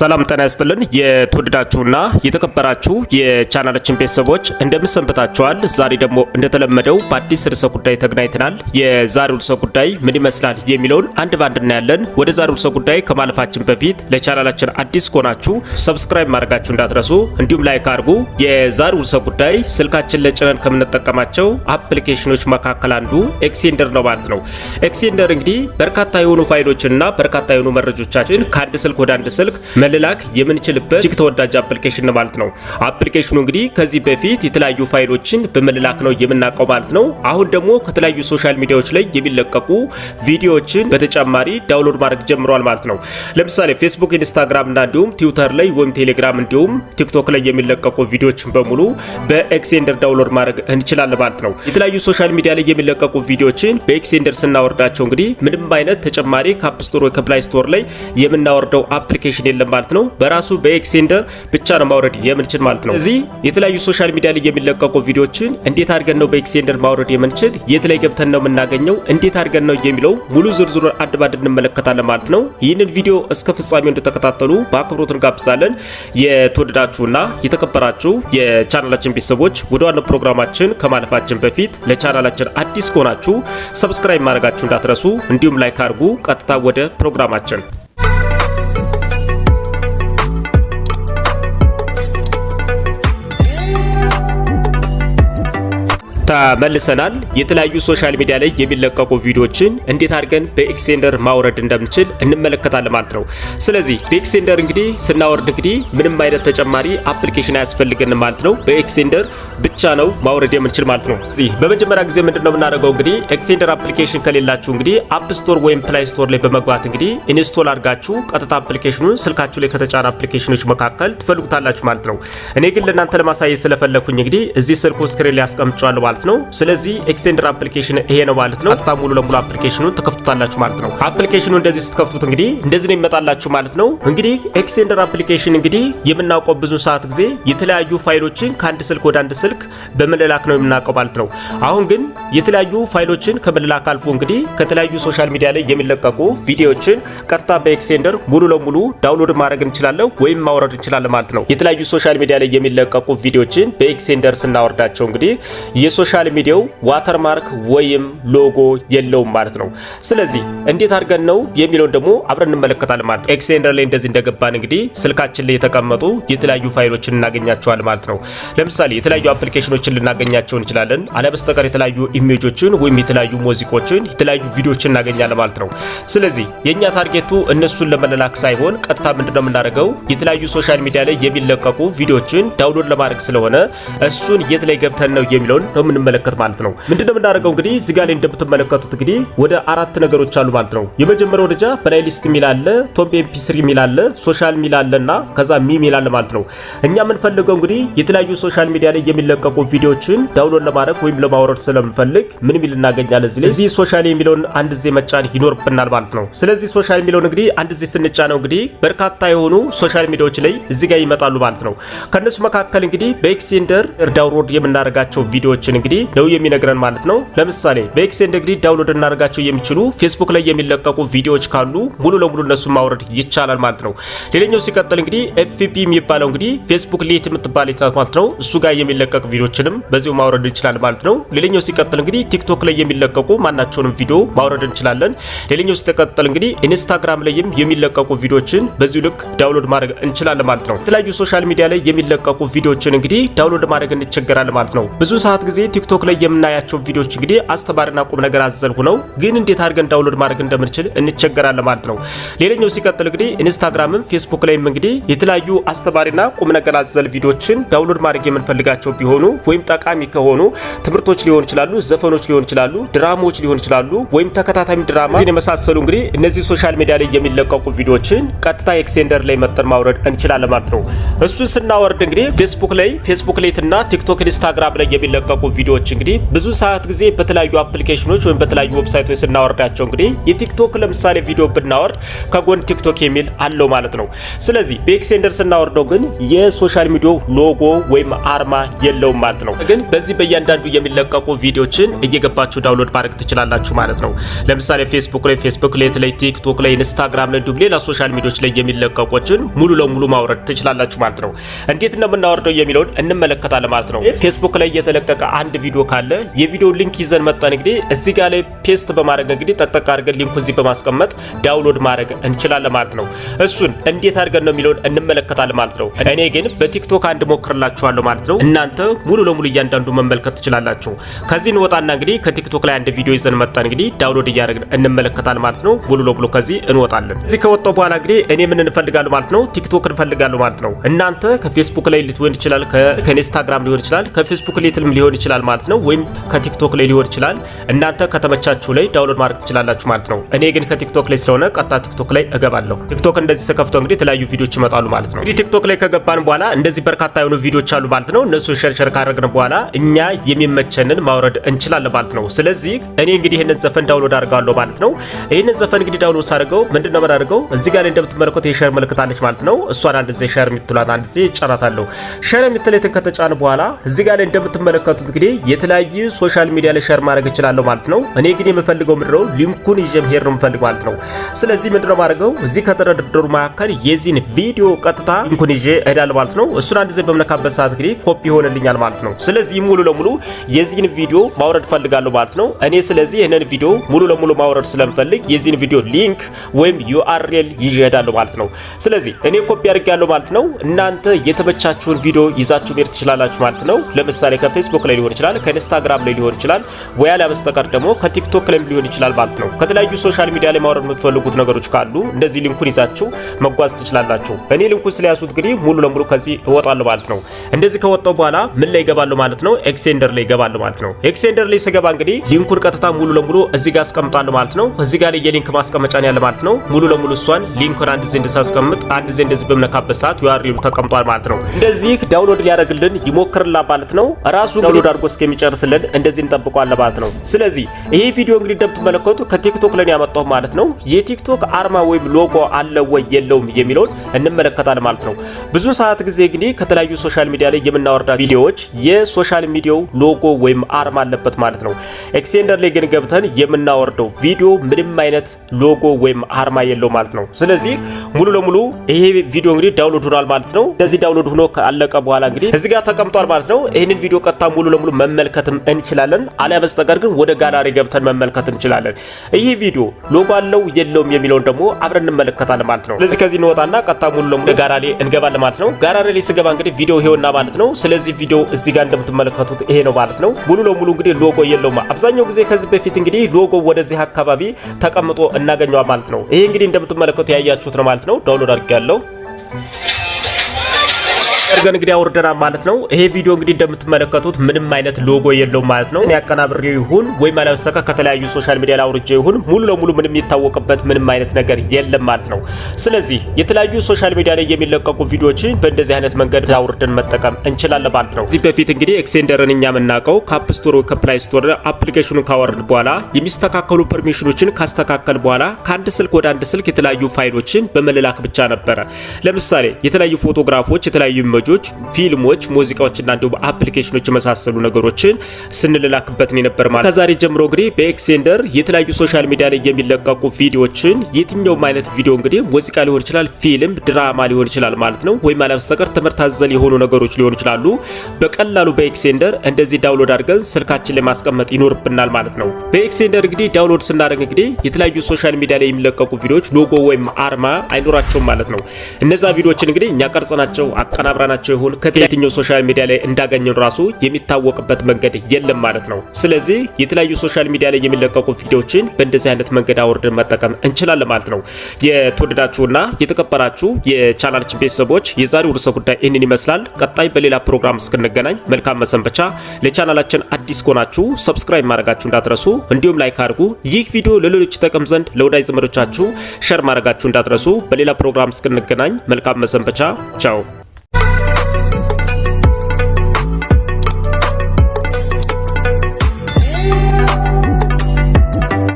ሰላም ጤና ይስጥልን። የተወደዳችሁና የተከበራችሁ የቻናላችን ቤተሰቦች እንደምሰንበታችኋል። ዛሬ ደግሞ እንደተለመደው በአዲስ ርዕሰ ጉዳይ ተገናኝተናል። የዛሬው ርዕሰ ጉዳይ ምን ይመስላል የሚለውን አንድ ባንድ እናያለን። ወደ ዛሬው ርዕሰ ጉዳይ ከማለፋችን በፊት ለቻናላችን አዲስ ከሆናችሁ ሰብስክራይብ ማድረጋችሁ እንዳትረሱ፣ እንዲሁም ላይክ አድርጉ። የዛሬው ርዕሰ ጉዳይ ስልካችን ለጭነን ከምንጠቀማቸው አፕሊኬሽኖች መካከል አንዱ ኤክሴንደር ነው ማለት ነው። ኤክሴንደር እንግዲህ በርካታ የሆኑ ፋይሎችንና በርካታ የሆኑ መረጆቻችን ከአንድ ስልክ ወደ አንድ ስልክ መልላክ የምንችልበት እጅግ ተወዳጅ አፕሊኬሽን ማለት ነው። አፕሊኬሽኑ እንግዲህ ከዚህ በፊት የተለያዩ ፋይሎችን በመልላክ ነው የምናውቀው ማለት ነው። አሁን ደግሞ ከተለያዩ ሶሻል ሚዲያዎች ላይ የሚለቀቁ ቪዲዮዎችን በተጨማሪ ዳውንሎድ ማድረግ ጀምሯል ማለት ነው። ለምሳሌ ፌስቡክ፣ ኢንስታግራም እና እንዲሁም ትዊተር ላይ ወይም ቴሌግራም እንዲሁም ቲክቶክ ላይ የሚለቀቁ ቪዲዮዎችን በሙሉ በኤክሴንደር ዳውንሎድ ማድረግ እንችላለን ማለት ነው። የተለያዩ ሶሻል ሚዲያ ላይ የሚለቀቁ ቪዲዮዎችን በኤክሴንደር ስናወርዳቸው እንግዲህ ምንም አይነት ተጨማሪ ከአፕ ስቶር ወይ ከፕላይ ስቶር ላይ የምናወርደው አፕሊኬሽን የለም ማለት ነው። በራሱ በኤክሴንደር ብቻ ነው ማውረድ የምንችል ማለት ነው። እዚህ የተለያዩ ሶሻል ሚዲያ ላይ የሚለቀቁ ቪዲዮዎችን እንዴት አድርገን ነው በኤክሴንደር ማውረድ የምንችል፣ የት ላይ ገብተን ነው የምናገኘው፣ እንዴት አድርገን ነው የሚለው ሙሉ ዝርዝሩን አንድ ባንድ እንመለከታለን ማለት ነው። ይህንን ቪዲዮ እስከ ፍጻሜው እንደተከታተሉ በአክብሮት እንጋብዛለን። የተወደዳችሁና የተከበራችሁ የቻናላችን ቤተሰቦች ወደ ዋናው ፕሮግራማችን ከማለፋችን በፊት ለቻናላችን አዲስ ከሆናችሁ ሰብስክራይብ ማድረጋችሁ እንዳትረሱ፣ እንዲሁም ላይክ አድርጉ። ቀጥታ ወደ ፕሮግራማችን ተመልሰናል። የተለያዩ ሶሻል ሚዲያ ላይ የሚለቀቁ ቪዲዮዎችን እንዴት አድርገን በኤክስቴንደር ማውረድ እንደምንችል እንመለከታለን ማለት ነው። ስለዚህ በኤክስቴንደር እንግዲህ ስናወርድ እንግዲህ ምንም አይነት ተጨማሪ አፕሊኬሽን አያስፈልገንም ማለት ነው። በኤክስቴንደር ብቻ ነው ማውረድ የምንችል ማለት ነው። እዚህ በመጀመሪያ ጊዜ ምንድነው የምናደርገው እንግዲህ ኤክስቴንደር አፕሊኬሽን ከሌላችሁ እንግዲህ አፕ ስቶር ወይም ፕላይ ስቶር ላይ በመግባት እንግዲህ ኢንስቶል አድርጋችሁ ቀጥታ አፕሊኬሽኑን ስልካችሁ ላይ ከተጫኑ አፕሊኬሽኖች መካከል ትፈልጉታላችሁ ማለት ነው። እኔ ግን ለእናንተ ለማሳየት ስለፈለኩኝ እንግዲህ እዚህ ስልኩ ስክሪን ላይ ያስቀምጫለሁ ማለት ነው። ስለዚህ ኤክስቴንደር አፕሊኬሽን ይሄ ነው ማለት ነው። ቀጥታ ሙሉ ለሙሉ አፕሊኬሽኑን ተከፍቱታላችሁ ማለት ነው። አፕሊኬሽኑ እንደዚህ ስትከፍቱት እንግዲህ እንደዚህ ነው ይመጣላችሁ ማለት ነው። እንግዲህ ኤክስቴንደር አፕሊኬሽን እንግዲህ የምናውቀው ብዙ ሰዓት ጊዜ የተለያዩ ፋይሎችን ከአንድ ስልክ ወደ አንድ ስልክ በመላላክ ነው የምናውቀው ማለት ነው። አሁን ግን የተለያዩ ፋይሎችን ከመላላክ አልፎ እንግዲህ ከተለያዩ ሶሻል ሚዲያ ላይ የሚለቀቁ ቪዲዮዎችን ቀጥታ በኤክስቴንደር ሙሉ ለሙሉ ዳውንሎድ ማድረግ እንችላለን ወይም ማውረድ እንችላለን ማለት ነው። የተለያዩ ሶሻል ሚዲያ ላይ የሚለቀቁ ቪዲዮዎችን በኤክስቴንደር ስናወርዳቸው እንግዲህ ሶሻል ሚዲያው ዋተርማርክ ወይም ሎጎ የለውም ማለት ነው። ስለዚህ እንዴት አድርገን ነው የሚለውን ደግሞ አብረን እንመለከታለን ማለት ነው። ኤክሴንደር ላይ እንደዚህ እንደገባን እንግዲህ ስልካችን ላይ የተቀመጡ የተለያዩ ፋይሎችን እናገኛቸዋል ማለት ነው። ለምሳሌ የተለያዩ አፕሊኬሽኖችን ልናገኛቸው እንችላለን። አለበስተቀር የተለያዩ ኢሜጆችን ወይም የተለያዩ ሙዚቆችን፣ የተለያዩ ቪዲዮችን እናገኛለን ማለት ነው። ስለዚህ የእኛ ታርጌቱ እነሱን ለመላላክ ሳይሆን ቀጥታ ምንድነው የምናደርገው የተለያዩ ሶሻል ሚዲያ ላይ የሚለቀቁ ቪዲዮችን ዳውንሎድ ለማድረግ ስለሆነ እሱን የት ላይ ገብተን ነው የሚለውን ነው የምንመለከት ማለት ነው። ምንድነው የምናደርገው እንግዲህ እዚህ ጋር ላይ እንደምትመለከቱት እንግዲህ ወደ አራት ነገሮች አሉ ማለት ነው። የመጀመሪያው ደረጃ በላይ ሊስት ሚላለ ቶፕ ኤምፒ3 ሚላለ ሶሻል ሚላለና ከዛ ሚ ሚላለ ማለት ነው። እኛ የምንፈልገው እንግዲህ የተለያዩ ሶሻል ሚዲያ ላይ የሚለቀቁ ቪዲዮዎችን ዳውንሎድ ለማድረግ ወይም ለማውረድ ስለምፈልግ ምን ሚል እናገኛለን እዚህ ላይ እዚህ ሶሻል የሚለውን አንድ ጊዜ መጫን ይኖርብናል ማለት ነው። ስለዚህ ሶሻል የሚለውን እንግዲህ አንድ ጊዜ ስንጫነው እንግዲህ በርካታ የሆኑ ሶሻል ሚዲያዎች ላይ እዚህ ጋር ይመጣሉ ማለት ነው። ከነሱ መካከል እንግዲህ በኤክሴንደር ዳውንሎድ የምናደርጋቸው ቪዲዮዎችን እንግዲህ ነው የሚነግረን ማለት ነው። ለምሳሌ በኤክስቴንድ እንግዲህ ዳውንሎድ እናደርጋቸው የሚችሉ ፌስቡክ ላይ የሚለቀቁ ቪዲዮዎች ካሉ ሙሉ ለሙሉ እነሱን ማውረድ ይቻላል ማለት ነው። ሌላኛው ሲቀጥል እንግዲህ ኤፍፒፒ የሚባለው እንግዲህ ፌስቡክ ሌት የምትባል ናት ማለት ነው። እሱ ጋር የሚለቀቅ ቪዲዮችንም በዚሁ ማውረድ እንችላለን ማለት ነው። ሌላኛው ሲቀጥል እንግዲህ ቲክቶክ ላይ የሚለቀቁ ማናቸውንም ቪዲዮ ማውረድ እንችላለን። ሌላኛው ሲቀጥል እንግዲህ ኢንስታግራም ላይም የሚለቀቁ ቪዲዮችን በዚሁ ልክ ዳውንሎድ ማድረግ እንችላለን ማለት ነው። የተለያዩ ሶሻል ሚዲያ ላይ የሚለቀቁ ቪዲዮችን እንግዲህ ዳውንሎድ ማድረግ እንቸገራለን ማለት ነው። ብዙ ሰዓት ጊዜ ቲክቶክ ላይ የምናያቸው ቪዲዮዎች እንግዲህ አስተማሪና ቁም ነገር አዘል ሆነው ግን እንዴት አድርገን ዳውንሎድ ማድረግ እንደምንችል እንቸገራለን ማለት ነው። ሌላኛው ሲቀጥል እንግዲህ ኢንስታግራምም ፌስቡክ ላይም እንግዲህ የተለያዩ አስተማሪና ቁም ነገር አዘል ቪዲዮዎችን ዳውንሎድ ማድረግ የምንፈልጋቸው ቢሆኑ ወይም ጠቃሚ ከሆኑ ትምህርቶች ሊሆን ይችላሉ፣ ዘፈኖች ሊሆን ይችላሉ፣ ድራማዎች ሊሆን ይችላሉ፣ ወይም ተከታታይ ድራማ እዚህን የመሳሰሉ እንግዲህ እነዚህ ሶሻል ሚዲያ ላይ የሚለቀቁ ቪዲዮዎችን ቀጥታ ኤክስቴንደር ላይ መጠን ማውረድ እንችላለን ማለት ነው። እሱን ስናወርድ እንግዲህ ፌስቡክ ላይ ፌስቡክ ሌትና ቲክቶክ ኢንስታግራም ላይ የሚለቀቁ ቪዲዮዎች እንግዲህ ብዙ ሰዓት ጊዜ በተለያዩ አፕሊኬሽኖች ወይም በተለያዩ ዌብሳይቶች ስናወርዳቸው እንግዲህ የቲክቶክ ለምሳሌ ቪዲዮ ብናወርድ ከጎን ቲክቶክ የሚል አለው ማለት ነው። ስለዚህ በኤክሴንደር ስናወርደው ግን የሶሻል ሚዲያው ሎጎ ወይም አርማ የለውም ማለት ነው። ግን በዚህ በእያንዳንዱ የሚለቀቁ ቪዲዮችን እየገባችሁ ዳውንሎድ ማድረግ ትችላላችሁ ማለት ነው። ለምሳሌ ፌስቡክ ላይ ፌስቡክ ላይ ተለይ ቲክቶክ ላይ ኢንስታግራም ላይ እንዲሁም ሌላ ሶሻል ሚዲያዎች ላይ የሚለቀቁችን ሙሉ ለሙሉ ማውረድ ትችላላችሁ ማለት ነው። እንዴት ነው የምናወርደው የሚለውን እንመለከታለን ማለት ነው። ፌስቡክ ላይ የተለቀቀ አንድ አንድ ቪዲዮ ካለ የቪዲዮ ሊንክ ይዘን መጣን። እንግዲህ እዚህ ጋር ላይ ፔስት በማድረግ እንግዲህ ጠጠቅ አድርገን ሊንኩ እዚህ በማስቀመጥ ዳውንሎድ ማድረግ እንችላለን ማለት ነው። እሱን እንዴት አድርገን ነው የሚለውን እንመለከታለን ማለት ነው። እኔ ግን በቲክቶክ አንድ ሞክርላችኋለሁ ማለት ነው። እናንተ ሙሉ ለሙሉ እያንዳንዱ መመልከት ትችላላችሁ። ከዚህ እንወጣና እንግዲህ ከቲክቶክ ላይ አንድ ቪዲዮ ይዘን መጣን። እንግዲህ ዳውንሎድ እያደረግን እንመለከታለን ማለት ነው። ሙሉ ለሙሉ ከዚህ እንወጣለን። እዚህ ከወጣው በኋላ እንግዲህ እኔ ምን እንፈልጋለሁ ማለት ነው። ቲክቶክ እንፈልጋለሁ ማለት ነው። እናንተ ከፌስቡክ ላይ ልትሆን ይችላል፣ ከኢንስታግራም ሊሆን ይችላል፣ ከፌስቡክ ሊትልም ሊሆን ይችላል ማለት ነው። ወይም ከቲክቶክ ላይ ሊሆን ይችላል። እናንተ ከተመቻችሁ ላይ ዳውንሎድ ማድረግ ትችላላችሁ ማለት ነው። እኔ ግን ከቲክቶክ ላይ ስለሆነ ቀጥታ ቲክቶክ ላይ እገባለሁ። ቲክቶክ እንደዚህ ተከፍቶ እንግዲህ የተለያዩ ቪዲዮዎች ይመጣሉ ማለት ነው። እንግዲህ ቲክቶክ ላይ ከገባን በኋላ እንደዚህ በርካታ የሆኑ ቪዲዮዎች አሉ ማለት ነው። እነሱ ሸርሸር ካደረግን በኋላ እኛ የሚመቸንን ማውረድ እንችላለን ማለት ነው። ስለዚህ እኔ እንግዲህ ይህንን ዘፈን ዳውንሎድ አድርጋለሁ ማለት ነው። ይህንን ዘፈን እንግዲህ ዳውንሎድ ሳድርገው ምንድን ነው የምናደርገው እዚህ ጋር እንደምትመለከቱ የሸር ምልክት አለች ማለት ነው። እሷን አንድ ጊዜ ሸር የምትሏት አንድ ጊዜ ጫናታለሁ። ሸር የምትለትን ከተጫን በኋላ እዚህ ጋር እንደምትመለከቱት እንግዲህ የተለያየ ሶሻል ሚዲያ ላይ ሼር ማድረግ እችላለሁ ማለት ነው። እኔ ግን የምፈልገው ምድረው ሊንኩን ይዤ መሄድ ነው የምፈልግ ማለት ነው። ስለዚህ ምድረው ማድረገው እዚህ ከተደረደሩ መካከል የዚህን ቪዲዮ ቀጥታ ሊንኩን ይዤ እሄዳለሁ ማለት ነው። እሱን አንድ ዘይ በምነካበት ሰዓት እንግዲህ ኮፒ ይሆንልኛል ማለት ነው። ስለዚህ ሙሉ ለሙሉ የዚህን ቪዲዮ ማውረድ ፈልጋለሁ ማለት ነው። እኔ ስለዚህ ይህንን ቪዲዮ ሙሉ ለሙሉ ማውረድ ስለምፈልግ የዚህን ቪዲዮ ሊንክ ወይም ዩአርኤል ይዤ እሄዳለሁ ማለት ነው። ስለዚህ እኔ ኮፒ አድርጌያለሁ ማለት ነው። እናንተ የተመቻችሁን ቪዲዮ ይዛችሁ መሄድ ትችላላችሁ ማለት ነው። ለምሳሌ ከፌስቡክ ላይ ሊሆን ይችላል፣ ከኢንስታግራም ላይ ሊሆን ይችላል፣ ወያ ላይ በስተቀር ደግሞ ከቲክቶክ ላይም ሊሆን ይችላል ማለት ነው። ከተለያዩ ሶሻል ሚዲያ ላይ ማውረድ የምትፈልጉት ነገሮች ካሉ እንደዚህ ሊንኩን ይዛችሁ መጓዝ ትችላላችሁ። እኔ ሊንኩን ስለያዙት እንግዲህ ሙሉ ለሙሉ ከዚህ እወጣለሁ ማለት ነው። እንደዚህ ከወጣው በኋላ ምን ላይ ይገባለሁ ማለት ነው? ኤክሴንደር ላይ ይገባለሁ ማለት ነው። ኤክሴንደር ላይ ስገባ እንግዲህ ሊንኩን ቀጥታ ሙሉ ለሙሉ እዚህ ጋር አስቀምጣለሁ ማለት ነው። እዚህ ጋር ላይ የሊንክ ማስቀመጫ ነው ያለ ማለት ነው። ሙሉ ለሙሉ እሷን ሊንኩን አንድ ዘንድ ሳስቀምጥ አንድ ዘንድ እዚህ በምነካበት ሰዓት ዩአርኤሉ ተቀምጧል ማለት ነው። እንደዚህ ዳውንሎድ ሊያደርግልን ይሞክርላ ማለት ነው። ራሱ ዳውንሎድ አድርጎ እስከሚጨርስልን እንደዚህ እንጠብቀዋለን ማለት ነው። ስለዚህ ይሄ ቪዲዮ እንግዲህ እንደምትመለከቱ ከቲክቶክ ለኔ ያመጣው ማለት ነው የቲክቶክ አርማ ወይም ሎጎ አለ ወይ የለውም የሚለውን እንመለከታለን ማለት ነው። ብዙ ሰዓት ጊዜ እንግዲህ ከተለያዩ ሶሻል ሚዲያ ላይ የምናወርዳ ቪዲዮዎች የሶሻል ሚዲያው ሎጎ ወይም አርማ አለበት ማለት ነው። ኤክሴንደር ላይ ግን ገብተን የምናወርደው ቪዲዮ ምንም አይነት ሎጎ ወይም አርማ የለው ማለት ነው። ስለዚህ ሙሉ ለሙሉ ይሄ ቪዲዮ እንግዲህ ዳውንሎድ ሆኗል ማለት ነው። እንደዚህ ዳውንሎድ ሆኖ ካለቀ በኋላ እንግዲህ እዚህ ጋር ተቀምጧል ማለት ነው። ይህንን ቪዲዮ ቀጥታ ሙሉ ለሙሉ መመልከትም እንችላለን። አሊያ በስተቀር ግን ወደ ጋላሪ ገብተን መመልከት እንችላለን። ይህ ቪዲዮ ሎጎ አለው የለውም የሚለውን ደግሞ አብረን እንመለከታለን ማለት ነው። ስለዚህ ከዚህ እንወጣና ቀጥታ ሙሉ ለሙሉ ጋራሬ እንገባለን ማለት ነው። ጋራሬ ላይ ስገባ እንግዲህ ቪዲዮ ይሄውና ማለት ነው። ስለዚህ ቪዲዮ እዚህ ጋር እንደምትመለከቱት ይሄ ነው ማለት ነው። ሙሉ ለሙሉ እንግዲህ ሎጎ የለውም። አብዛኛው ጊዜ ከዚህ በፊት እንግዲህ ሎጎ ወደዚህ አካባቢ ተቀምጦ እናገኘዋል ማለት ነው። ይሄ እንግዲህ እንደምትመለከቱ ያያችሁት ነው ማለት ነው። ዳውንሎድ አድርጌያለሁ። አድርገን እንግዲህ አውርደናል ማለት ነው። ይሄ ቪዲዮ እንግዲህ እንደምትመለከቱት ምንም አይነት ሎጎ የለውም ማለት ነው። ያቀናብሬው ይሁን ወይም አለበስተካ ከተለያዩ ሶሻል ሚዲያ ላይ አውርጄ ይሁን ሙሉ ለሙሉ ምንም የሚታወቅበት ምንም አይነት ነገር የለም ማለት ነው። ስለዚህ የተለያዩ ሶሻል ሚዲያ ላይ የሚለቀቁ ቪዲዮዎችን በእንደዚህ አይነት መንገድ አውርደን መጠቀም እንችላለን ማለት ነው። እዚህ በፊት እንግዲህ ኤክሴንደርን እኛ የምናውቀው ከአፕ ስቶር ወይ ከፕላይ ስቶር አፕሊኬሽኑን ካወርድ በኋላ የሚስተካከሉ ፐርሚሽኖችን ካስተካከል በኋላ ከአንድ ስልክ ወደ አንድ ስልክ የተለያዩ ፋይሎችን በመልላክ ብቻ ነበረ። ለምሳሌ የተለያዩ ፎቶግራፎች፣ የተለያዩ ወላጆች ፊልሞች፣ ሙዚቃዎችና እንዲሁም አፕሊኬሽኖች የመሳሰሉ ነገሮችን ስንልላክበት ነው የነበር ማለት። ከዛሬ ጀምሮ እንግዲህ በኤክሴንደር የተለያዩ ሶሻል ሚዲያ ላይ የሚለቀቁ ቪዲዮዎችን የትኛውም አይነት ቪዲዮ እንግዲህ ሙዚቃ ሊሆን ይችላል፣ ፊልም፣ ድራማ ሊሆን ይችላል ማለት ነው ወይም አለበስተቀር ትምህርት አዘል የሆኑ ነገሮች ሊሆኑ ይችላሉ። በቀላሉ በኤክሴንደር እንደዚህ ዳውንሎድ አድርገን ስልካችን ላይ ማስቀመጥ ይኖርብናል ማለት ነው። በኤክሴንደር እንግዲህ ዳውንሎድ ስናደርግ እንግዲህ የተለያዩ ሶሻል ሚዲያ ላይ የሚለቀቁ ቪዲዮዎች ሎጎ ወይም አርማ አይኖራቸውም ማለት ነው። እነዛ ቪዲዮዎችን እንግዲህ እኛ ቀርጸናቸው አቀናብራ ይሁን ከየትኛው ሶሻል ሚዲያ ላይ እንዳገኘን ራሱ የሚታወቅበት መንገድ የለም ማለት ነው። ስለዚህ የተለያዩ ሶሻል ሚዲያ ላይ የሚለቀቁ ቪዲዮዎችን በእንደዚህ አይነት መንገድ አውርደን መጠቀም እንችላለን ማለት ነው። የተወደዳችሁና የተከበራችሁ የቻናላችን ቤተሰቦች የዛሬው ርዕሰ ጉዳይ ይህንን ይመስላል። ቀጣይ በሌላ ፕሮግራም እስክንገናኝ መልካም መሰንበቻ። ለቻናላችን አዲስ ከሆናችሁ ሰብስክራይብ ማድረጋችሁ እንዳትረሱ፣ እንዲሁም ላይክ አድርጉ። ይህ ቪዲዮ ለሌሎች ይጠቅም ዘንድ ለወዳጅ ዘመዶቻችሁ ሸር ማድረጋችሁ እንዳትረሱ። በሌላ ፕሮግራም እስክንገናኝ መልካም መሰንበቻ። ቻው